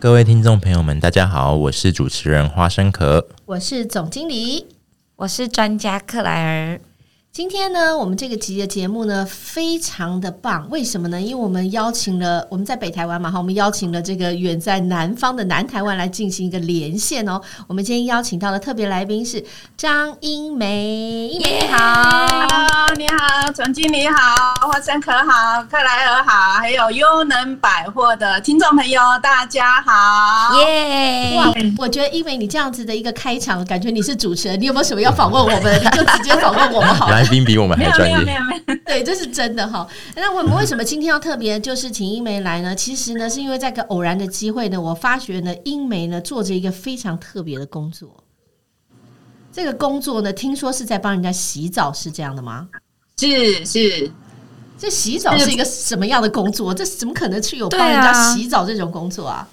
各位聽眾朋友們，大家好，我是主持人花生殼，我是總經理，我是專家克萊爾。今天呢，我們這個集的節目呢，非常的棒。為什麼呢？因為我們邀請了我們在北台灣嘛，哈，我們邀請了這個遠在南方的南台灣來進行一個連線哦。我們今天邀請到的特別來賓是張瑛梅，瑛梅你好，Yeah. Hello, 你好，總經理好，花生殼好，克萊爾好，還有優能百貨的聽眾朋友大家好。耶，Yeah. Yeah. 哇，我覺得瑛梅你這樣子的一個開場，感覺你是主持人。你有沒有什麼要訪問我們？ 你就直接訪問我們好了。 來賓比我們還專業，沒有沒有沒有，對，這是真的哈。那我們為什麼今天要特別就是請瑛梅來呢？其實呢，是因為在一個偶然的機會呢，我發覺呢，瑛梅呢做着一個非常特別的工作。這個工作呢，聽說是在幫人家洗澡，是這樣的嗎？是是，是這，洗澡是一個什麼樣的工作？是這怎麼可能去有幫人家洗澡這種工作啊？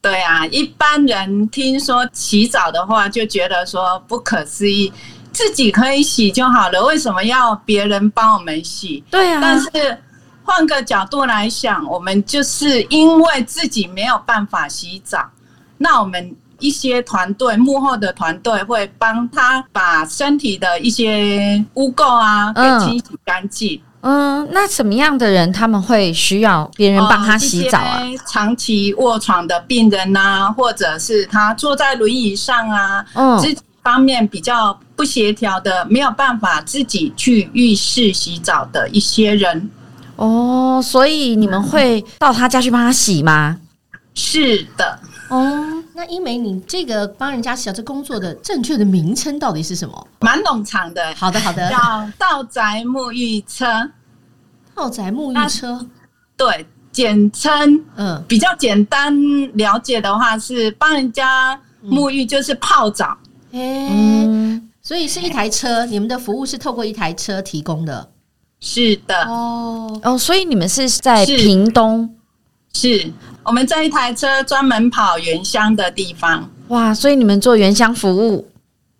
對啊，一般人聽說洗澡的話，就覺得說不可思議。自己可以洗就好了，為什麼要別人幫我們洗？對啊，但是換個角度來想，我們就是因為自己沒有辦法洗澡，那我們一些團隊幕後的團隊會幫他把身體的一些污垢啊、嗯、給清洗乾淨。嗯，那什麼樣的人他們會需要別人幫他洗澡啊？呃、長期臥床的病人吶、啊，或者是他坐在輪椅上啊，嗯。方面比較不協調的，沒有辦法自己去浴室洗澡的一些人哦，所以你們會到他家去幫他洗嗎？是的，哦，那瑛梅你這個幫人家洗啊，這工作的正確的名稱到底是什麼？蠻冗長的，好的好的，叫到宅沐浴車，到宅沐浴車，對，簡稱嗯，比較簡單了解的話是幫人家沐浴，就是泡澡。嗯欸嗯、所以是一台車，欸、你們的服務是透過一台車提供的，是的。哦，哦，所以你們是在屏東，是，是我們這一台車專門跑原鄉的地方。哇，所以你們做原鄉服務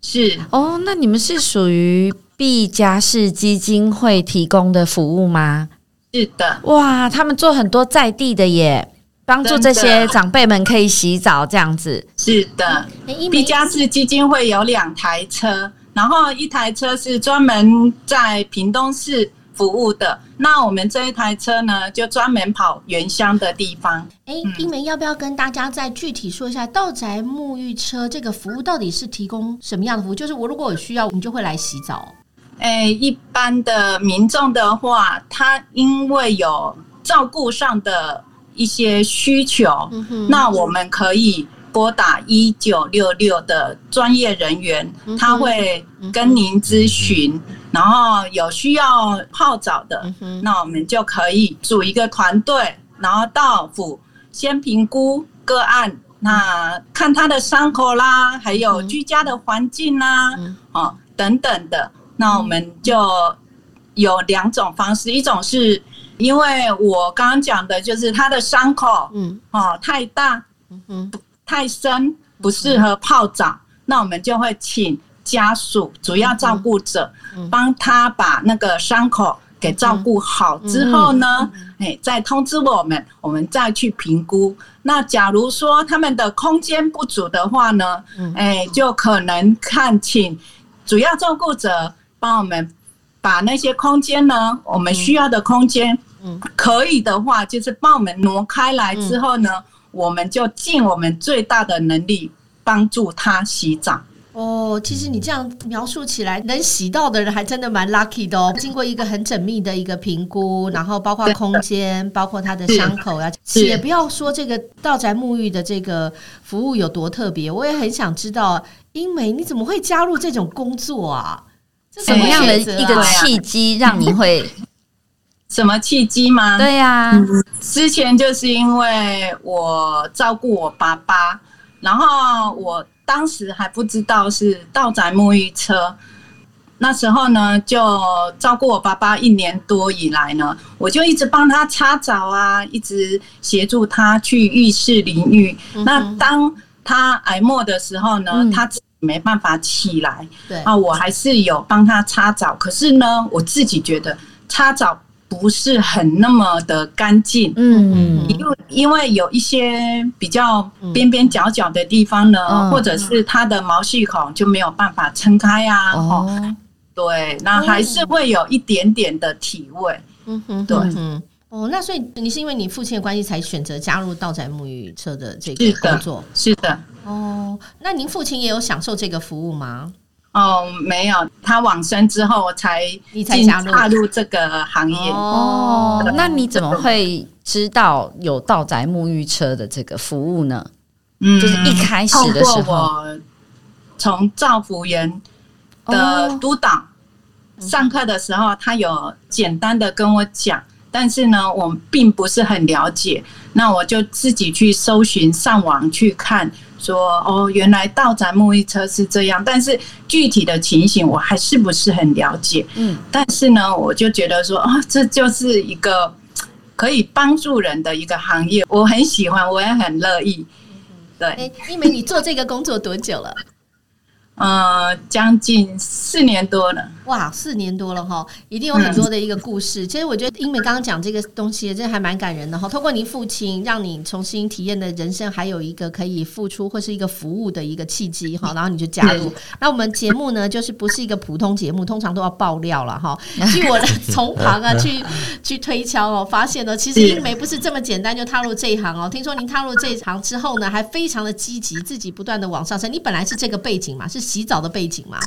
是哦，那你們是屬於畢嘉士基金會提供的服務嗎？是的。哇，他們做很多在地的耶。幫助這些長輩們可以洗澡，這樣子是的。畢嘉士基金會有兩台車，然後一台車是專門在屏東市服務的，那我們這一台車呢，就專門跑原鄉的地方。哎、嗯欸，英梅要不要跟大家再具體說一下，到宅沐浴車這個服務到底是提供什麼樣的服務？就是我如果有需要，我們就會來洗澡。哎、欸，一般的民眾的話，他因為有照顧上的。一些需求，嗯哼嗯哼，那我們可以撥打一九六六的專業人員，他會跟您諮詢。嗯哼嗯哼，然後有需要泡澡的，嗯、哼那我們就可以組一個團隊，然後到府先評估個案，嗯、哼那看他的傷口啦，還有居家的環境啦、啊嗯、哼哦等等的。那我們就有兩種方式，一種是，因為我剛剛講的就是他的傷口，哦，太大，嗯嗯，太深，不適合泡澡。那我們就會請家屬、主要照顧者幫他把那個傷口給照顧好之後呢，誒，再通知我們，我們再去評估。那假如說他們的空間不足的話呢，誒，就可能看請主要照顧者幫我們把那些空間呢，我們需要的空間。嗯，可以的話，就是把我們挪開來之後呢，嗯、我們就盡我們最大的能力幫助他洗澡。哦，其實你這樣描述起來，能洗到的人還真的蠻 lucky 的哦。經過一個很縝密的一個評估，然後包括空間，了包括他的傷口啊，也不要說這個到宅沐浴的這個服務有多特別，我也很想知道瑛梅你怎麼會加入這種工作啊？什麼、啊、怎樣的一個契機讓你會？ 什麼契機嗎？對呀、啊，之前就是因為我照顧我爸爸，然後我當時還不知道是到宅沐浴車，那時候呢就照顧我爸爸一年多以來呢，我就一直幫他擦澡啊，一直協助他去浴室淋浴。嗯、哼哼那當他癌末的時候呢，嗯、他自己沒辦法起來，對啊，我還是有幫他擦澡。可是呢，我自己覺得擦澡。不是很那麼的乾淨，嗯哼，因為因為有一些比較邊邊角角的地方呢，嗯、或者是它的毛細孔就沒有辦法撐開啊，哦，哦，對，那還是會有一點點的體味，嗯哼，對，哦，那所以你是因為你父親的關係才選擇加入到宅沐浴車的這個工作，是的，是的哦，那您父親也有享受這個服務嗎？哦，沒有，他往生之後，我才進踏入這個行業哦。那你怎麼會知道有到宅沐浴車的這個服務呢？嗯，就是一開始的時候，從照服員的督導、哦嗯、上課的時候，他有簡單的跟我講，但是呢，我並不是很了解。那我就自己去搜尋，上網去看。說哦，原來到宅沐浴車，是這樣，但是具體的情形我還是不是很了解。嗯，但是呢，我就覺得說哦，這就是一個可以幫助人的一個行業，我很喜歡，我也很樂意。嗯嗯對，瑛梅，你做這個工作多久了？ 呃，將近四年多了，哇，四年多了哈，一定有很多的一個故事。嗯、其實我覺得瑛梅剛剛講這個東西，真的還蠻感人的哈。通過您父親，讓你重新體驗的人生，還有一個可以付出或是一個服務的一個契機哈。然後你就加入。對那我們節目呢，就是不是一個普通節目，通常都要爆料了哈。 據我的從旁啊，去 去推敲哦，發現呢、哦，其實瑛梅不是這麼簡單就踏入這一行哦。聽說您踏入這一行之後呢，還非常的積極，自己不斷的往上升。你本來是這個背景嘛，是。洗澡的背景嗎？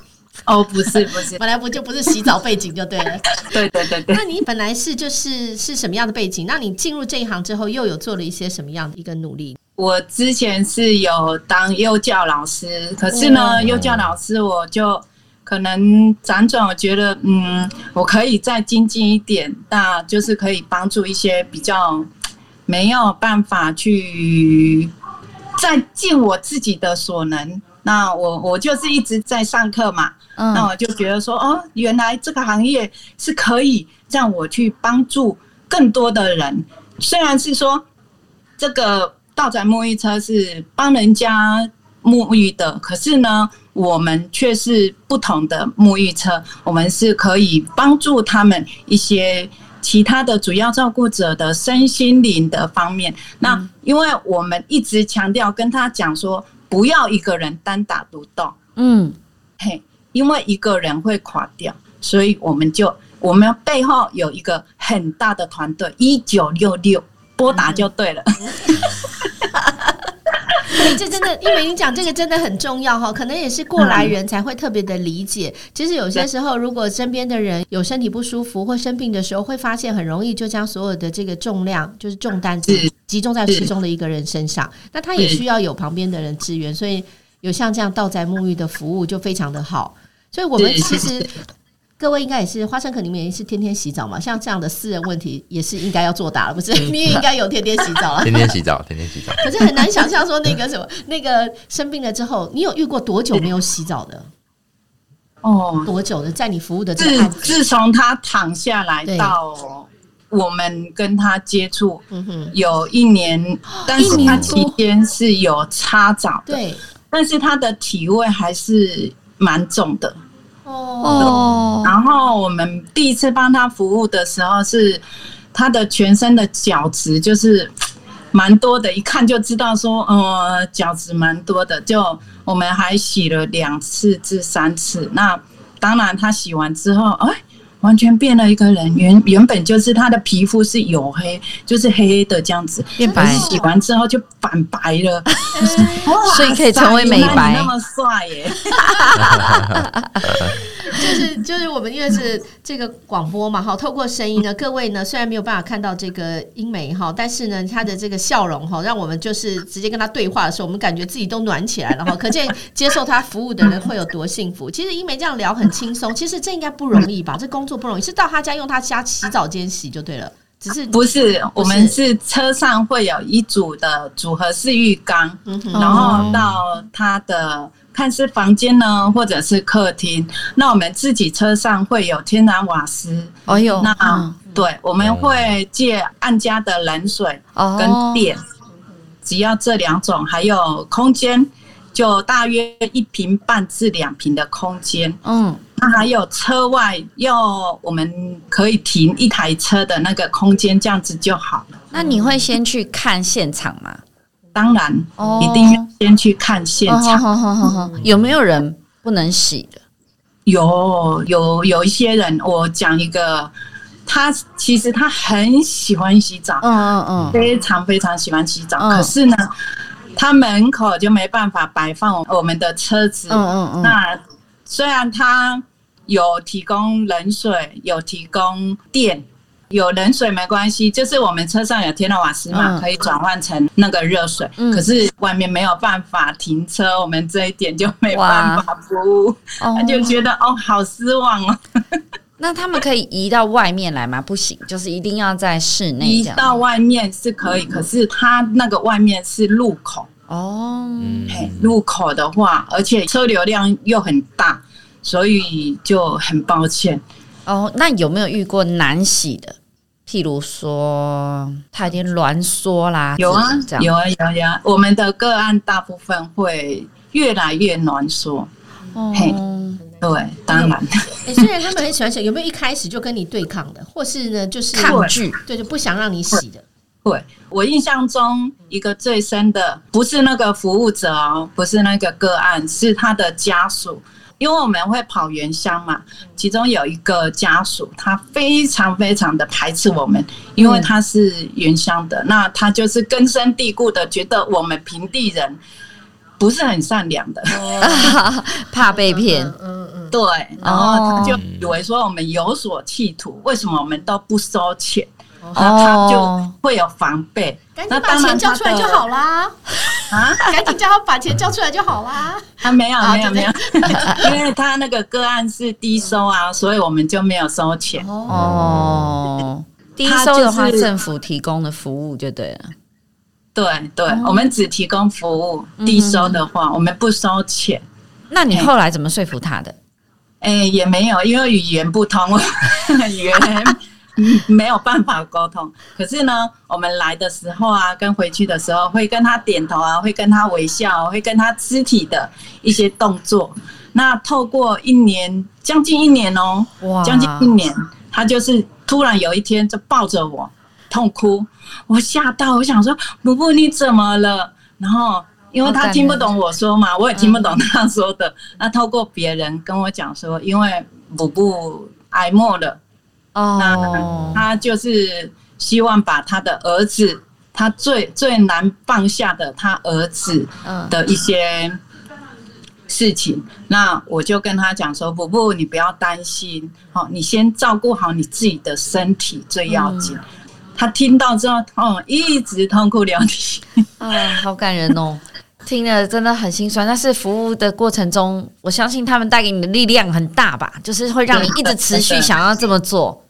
哦，不是，不是， 本來不就不是洗澡背景就對了。 對對對對，那你本來是就是是什麼樣的背景？那你進入這一行之後，又有做了一些什麼樣的一個努力？我之前是有當幼教老師，可是呢，哦、幼教老師我就可能輾轉，我覺得嗯，我可以再精進一點，那就是可以幫助一些比較沒有辦法去再盡我自己的所能。那我我就是一直在上課嘛，嗯，那我就覺得說，哦，原來這個行業是可以讓我去幫助更多的人。雖然是說這個到宅沐浴車是幫人家沐浴的，可是呢，我們卻是不同的沐浴車，我們是可以幫助他們一些其他的主要照顧者的身心靈的方面。嗯，那因為我們一直強調跟他講說。不要一個人單打獨鬥，嗯，嘿，因為一個人會垮掉，所以我們就我們背後有一個很大的團隊，一九六六撥打就對了。嗯 對這真的，因為你講這個真的很重要哈。可能也是過來人才會特別的理解。其實有些時候，如果身邊的人有身體不舒服或生病的時候，會發現很容易就將所有的這個重量，就是重擔，集中在其中的一個人身上。那對他也需要有旁邊的人支援，所以有像這樣到宅沐浴的服務就非常的好。所以我們其實。各位應該也是花生殼，你們也是天天洗澡嘛？像這樣的私人問題也是應該要作答了，不是？你也應該有天天洗澡了， 天天洗澡，天天洗澡。可是很難想象說那個什麼， 那個生病了之後，你有遇過多久沒有洗澡的？哦，多久的？在你服務的這個自自從他躺下來到我們跟他接觸，對有一年，嗯、哼但是他期間是有擦澡的，對但是他的體味還是蠻重的。哦、oh. 嗯，然後我們第一次幫他服務的時候是他的全身的角質就是蠻多的，一看就知道說，呃，角質蠻多的，就我們還洗了兩次至三次。那當然，他洗完之後，哎、欸。完全變了一個人，原原本就是他的皮膚是黝黑，就是黑黑的這樣子，變白、喔，洗完之後就反白了， 所以可以成為美白。那麼帥耶、欸！ 就是就是我們因為是這個廣播嘛，哈，透過聲音呢，各位呢雖然沒有辦法看到這個瑛梅哈，但是呢他的這個笑容哈，讓我們就是直接跟他對話的時候，我們感覺自己都暖起來了哈。可見接受他服務的人會有多幸福。其實瑛梅這樣聊很輕鬆，其實這應該不容易吧？這工作不容易，是到他家用他家洗澡間洗就對了。只是不是，不是我們是車上會有一組的組合式浴缸，嗯哼，然後到他的。看是房間呢，或者是客廳。那我們自己車上會有天然瓦斯，哦、哎、呦，那、嗯、對，我們會借案家的冷水跟電，哦、只要這兩種，還有空間，就大約一坪半至兩坪的空間。嗯，那還有車外要我們可以停一台車的那個空間，這樣子就好。那你會先去看現場嗎？當然，一定要先去看現場。Oh, oh, oh, oh, oh, oh, oh. 有沒有人不能洗的？有有有一些人，我講一個，他其實他很喜歡洗澡，嗯嗯嗯，非常非常喜歡洗澡，oh, oh. 可是呢，他門口就沒辦法擺放我們的車子，嗯嗯嗯，那雖然他有提供冷水，有提供電。有冷水沒關係，就是我們車上有天然瓦斯嘛，嗯、可以轉換成那個熱水。嗯、可是外面沒有辦法停車，我們這一點就沒辦法服務，他、哦、就覺得哦，好失望哦。 那他們可以移到外面來嗎？ 不行，就是一定要在室內。移到外面是可以，嗯、可是他那個外面是路口哦，路口的話，而且車流量又很大，所以就很抱歉。哦，那有沒有遇過難洗的？譬如說，他已經攣縮啦，有啊，有啊，有啊，我們的個案大部分會越來越攣縮。哦、嗯，對，當然，雖然他們很喜歡洗，有沒有一開始就跟你對抗的，或是呢，就是抗拒，對，對，對，就不想讓你洗的？對，我印象中一個最深的，不是那個服務者哦，不是那個個案，是他的家屬。因為我們會跑原鄉嘛，其中有一個家屬，他非常非常的排斥我們，因為他是原鄉的，那他就是根深蒂固的覺得我們平地人不是很善良的，嗯、怕被騙、嗯，嗯嗯，對，然後他就以為說我們有所企圖，為什麼我們都不收錢？那、嗯、他就會有防備，哦、那趕緊把錢交出來就好啦。啊，趕緊叫他把錢交出來就好啦！啊，沒有沒有沒有，因為他那個個案是低收啊，所以我們就沒有收錢。哦，嗯、低收的話，政府提供的服務就對了。對、就是、對，對哦、我們只提供服務，低收的話我們不收錢。嗯、哼那你後來怎麼說服他的？誒、欸，也沒有，因為語言不通，語 言原。哈哈 沒有辦法溝通，可是呢，我們來的時候啊，跟回去的時候會跟他點頭啊，會跟他微笑，會跟他肢體的一些動作。那透過一年將近一年哦，哇，將近一年，他就是突然有一天就抱着我痛哭，我嚇到，我想說，布布你怎麼了？然後因為他聽不懂我說嘛，我也聽不懂他說的。嗯、那透過別人跟我講說，因為布布挨罵了。哦，oh. 那他就是希望把他的兒子，他最最難放下的他兒子的一些事情。Oh. 那我就跟他講說：“服務、oh.，你不要擔心，好、哦，你先照顧好你自己的身體最要緊。” oh. 他聽到之後，嗯、哦，一直痛哭流涕啊，oh. oh, 好感人哦， 聽了真的很心酸。但是服務的過程中，我相信他們帶給你的力量很大吧，就是會讓你一直持續想要這麼做。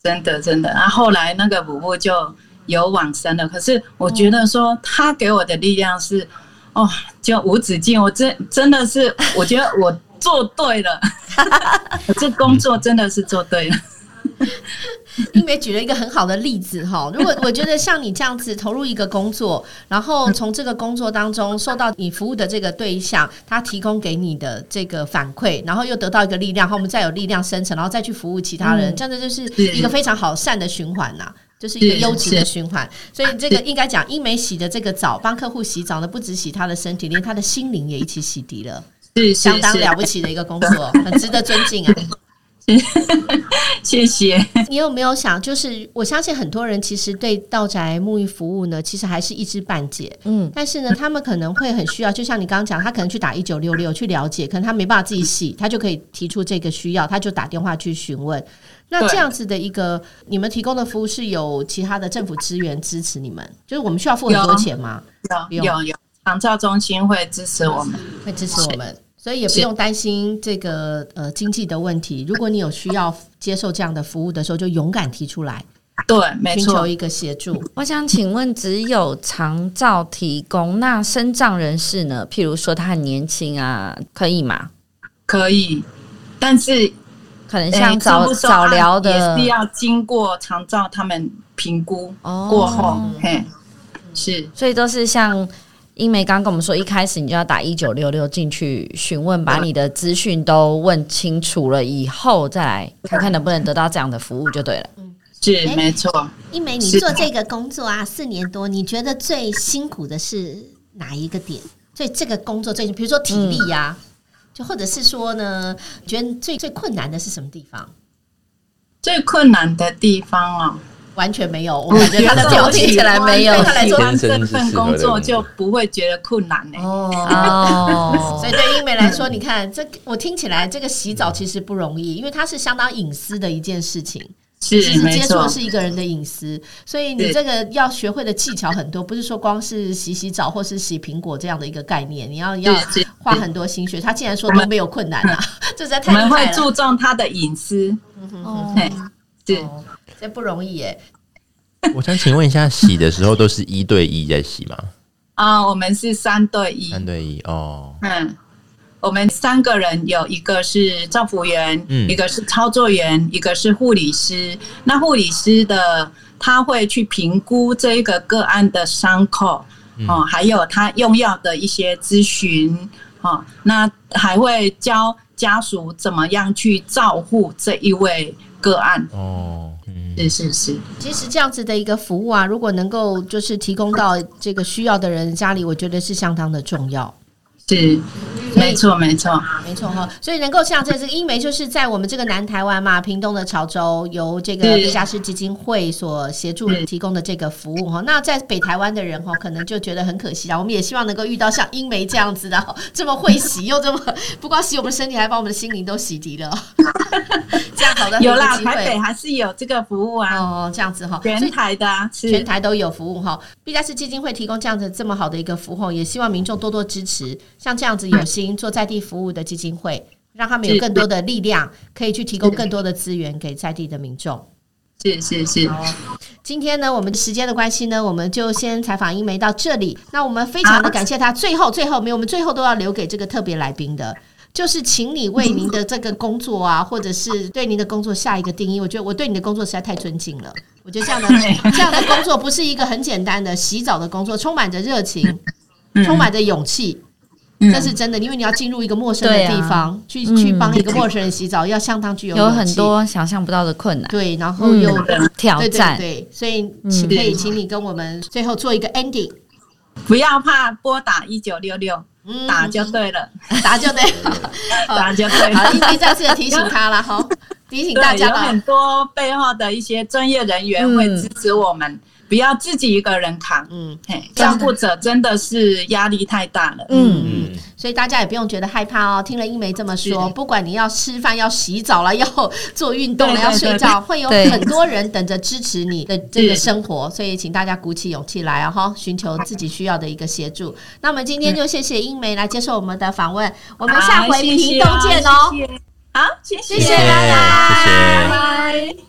真的，真的，真的，然後後來那個五步就有往生了。可是我覺得說他給我的力量是，哦，就無止境。我真真的是，我覺得我做對了， 我這工作真的是做對了。 瑛梅舉了一個很好的例子，哈，如果我覺得像你這樣子投入一個工作，然後從這個工作當中受到你服務的這個對象，他提供給你的這個反饋，然後又得到一個力量，然後我們再有力量生成，然後再去服務其他人，嗯、這樣子就是一個非常好善的循環吶、啊，是就是一個優質的循環。所以這個應該講，瑛梅洗的這個澡，幫客戶洗澡的不只洗他的身體，連他的心靈也一起洗滌了，是，是，是相當了不起的一個工作，很值得尊敬啊。 謝謝。你有沒有想，就是我相信很多人其實對到宅沐浴服務呢，其實還是一知半解。嗯，但是呢，他們可能會很需要，就像你剛剛講，他可能去打一九六六去了解，可能他沒辦法自己洗，他就可以提出這個需要，他就打電話去詢問。那這樣子的一個，對你們提供的服務是有其他的政府資源支持你們？就是我們需要付很多錢嗎？有有有，長照中心會支持我們，會支持我們。所以也不用擔心這個是呃經濟的問題。如果你有需要接受這樣的服務的時候，就勇敢提出來，對，沒尋求一個協助。嗯、我想請問，只有長照提供，那身障人士呢？譬如說他很年輕啊，可以嗎？可以，但是可能像早早療的，也是要經過長照他們評估過後 o 是。所以都是像。瑛梅剛跟我們說，一開始你就要打一九六六進去詢問，把你的資訊都問清楚了以後，再來看看能不能得到這樣的服務就對了。嗯，是沒錯。瑛梅，你做這個工作啊四年多，你覺得最辛苦的是哪一個點？所以這個工作最，近，比如說體力呀、啊，嗯、就或者是說呢，覺得最最困難的是什麼地方？最困難的地方啊。完全沒有，我感覺他的表情起、嗯、來沒有，對他來做到這份工作就不會覺得困難呢、欸。哦， 所以對瑛梅來說，你看這我聽起來這個洗澡其實不容易，因為它是相當隱私的一件事情，是，接觸的是一個人的隱私，所以你這個要學會的技巧很多，是不是說光是洗洗澡或是洗蘋果這樣的一個概念，你要是是要花很多心血。他竟然說都沒有困難啦、嗯、了，這實在太厲害了。我們會注重他的隱私。嗯是哦、這不容易耶。我想請問一下，洗的時候都是一對一在洗嗎？啊、 哦，我們是三對一，三對一哦。嗯，我們三個人有一個是照服員，嗯、一個是操作員，一個是護理師。那護理師的他會去評估這一個個案的傷口哦，還有他用藥的一些諮詢哦，那還會教家屬怎麼樣去照護這一位。個案哦，oh, okay，是是是，其實這樣子的一個服務啊，如果能夠就是提供到這個需要的人家裡，我覺得是相當的重要，是。沒錯，沒錯、啊，沒錯哈、哦。所以能夠像這次瑛梅就是在我們這個南台灣嘛，屏東的潮州，由這個畢嘉士基金會所協助對提供的這個服務哈、哦。那在北台灣的人哈、哦，可能就覺得很可惜啊。我們也希望能夠遇到像瑛梅這樣子的，哦、這麼會洗， 又這麼不光洗我們身體，還把我們的心靈都洗滌了。哦、 這樣好的，有啦，有哦、台北還是有這個服務啊。哦，這樣子哈，全、哦、台的啊，以是全台都有服務哈。畢嘉士基金會提供這樣子這麼好的一個服務，哦、也希望民眾多多支持。像這樣子有些、嗯。做在地服務的基金會，讓他們有更多的力量，是可以去提供更多的資源給在地的民眾。謝謝謝謝。今天呢，我們的時間的關係呢，我們就先採訪瑛梅到這裡。那我們非常的感謝他。啊、最後，最後，沒有，我們最後都要留給這個特別來賓的，就是請你為您的這個工作啊，或者是對您的工作下一個定義。我覺得我對你的工作實在太尊敬了。我覺得這樣的、嗯、這樣的工作不是一個很簡單的洗澡的工作，充滿着熱情，充滿着勇氣。嗯這是真的，因為你要進入一個陌生的地方，去去幫一個陌生人洗澡，要相當具有有很多想象不到的困難。對，然後又挑戰，對對對，所以可以請你跟我們最後做一個 ending，不要怕，撥打一九六六，打就對了，打就對了，打就對了。好，一，再次提醒他了哈，提醒大家了，有很多背後的一些專業人員會支持我們。不要自己一個人扛，嗯，嘿，照顧者真的是壓力太大了，嗯嗯，所以大家也不用覺得害怕哦。聽了英梅這麼說，不管你要吃飯、要洗澡了、要做運動了、要睡覺，會有很多人等着支持你的這個生活，所以請大家鼓起勇氣來哦，尋求自己需要的一個協助。那麼今天就謝謝英梅來接受我們的訪問，我們下回屏東見哦。好，謝謝大家。拜拜。